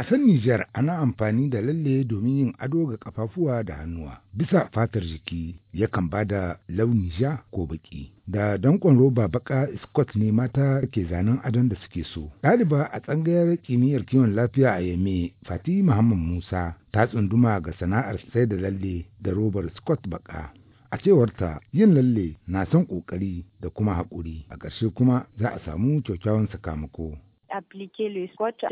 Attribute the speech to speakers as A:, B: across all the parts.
A: ƙasar Nijar ana amfani da lalle domin yin ado ga ƙafafuwa da hannuwa. Bisa fatar jiki yakan ba da launi ja ko baƙi. Da danƙon roba baƙa Scott ne mata ke zanen adon da suke so. Ɗaliba a tsangayar kimiyyar kiwon lafiya a Yame, Fati Muhammad Musa ta tsunduma ga sana'ar sai da lalle da robar Scott baƙa. a cewarta yin lalle na son ƙoƙari da kuma haƙuri a ƙarshe kuma za a samu kyakkyawan sakamako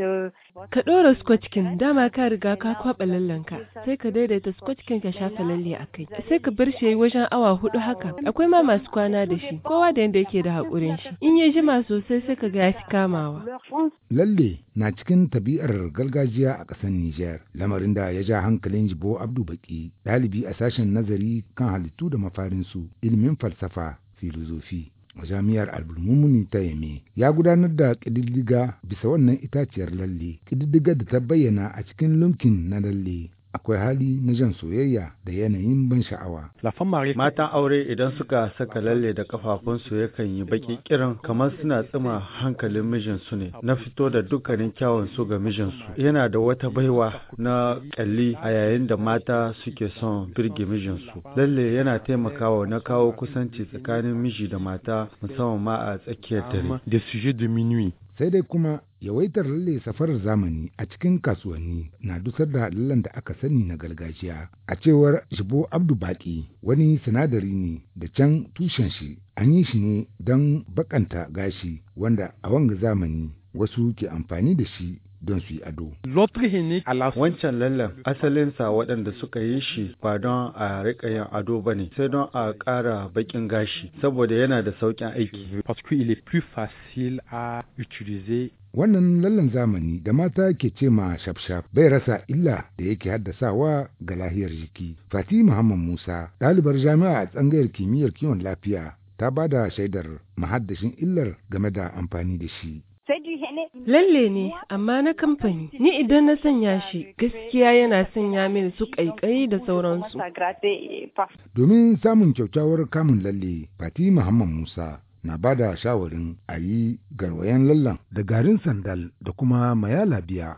B: Euh, ka ɗora skotkin dama ka riga ka kwaɓa lallanka, sai ka daidaita skotkin ka shafa lalle a kai. Sai ka bar shi wajen awa hudu haka. Akwai ma masu kwana da shi, kowa da yadda yake da haƙurin shi. In ya jima sosai sai ka ga ya fi kamawa.
A: Lalle na cikin tabi'ar gargajiya a ƙasar Nijar, lamarin da ya ja hankalin Jibo Abdu Baki, ɗalibi a sashen nazari kan halittu da mafarinsu, ilimin falsafa, filozofi. a jami'ar Abdulmumuni ta Yame ya gudanar da ƙididdiga bisa wannan itaciyar lalle, ƙididdigar da ta bayyana a cikin lumkin na lalle. akwai hali na jan soyayya da yanayin ban sha'awa.
C: Matan aure idan suka saka lalle da kafafunsu yakan yi baki kiran kamar suna tsima hankalin mijinsu ne na fito da dukkanin kyawun su ga mijinsu. Yana da wata baiwa na kalli a yayin da mata suke son birge mijinsu. Lalle yana taimakawa na kawo kusanci tsakanin miji da mata musamman ma a tsakiyar
A: dare. Sai dai kuma Yawaitar lalle safarar zamani a cikin kasuwanni na dusar da lallen da aka sani na gargajiya. A cewar Shibo Abdu Baki wani sinadari ne da can tushen shi an yi shi ne don baƙanta gashi wanda a wanga zamani wasu ke amfani da shi don su yi ado.
C: Wancan lallan asalinsa waɗanda suka yi shi ba don a riƙa yin ado ba ne, sai don a ƙara baƙin gashi, saboda yana da sauƙin aiki.
A: Wannan lallan zamani da mata ke ce ma shafshaf bai rasa illa da yake haddasawa ga lahiyar jiki. Fati Muhammad Musa, ɗalibar jami'a a tsangayar kimiyyar kiwon lafiya, ta ba da shaidar mahaddashin illar game da amfani da shi.
B: Lalle ne, amma na kamfani. Ni idan na sanya shi, gaskiya yana sanya mini su ƙaiƙayi da sauransu.
A: Domin samun kyaukyawar kamun lalle, Fati Muhammad Musa na ba da shawarin a yi garwayen lallan da garin sandal da kuma mayala biya.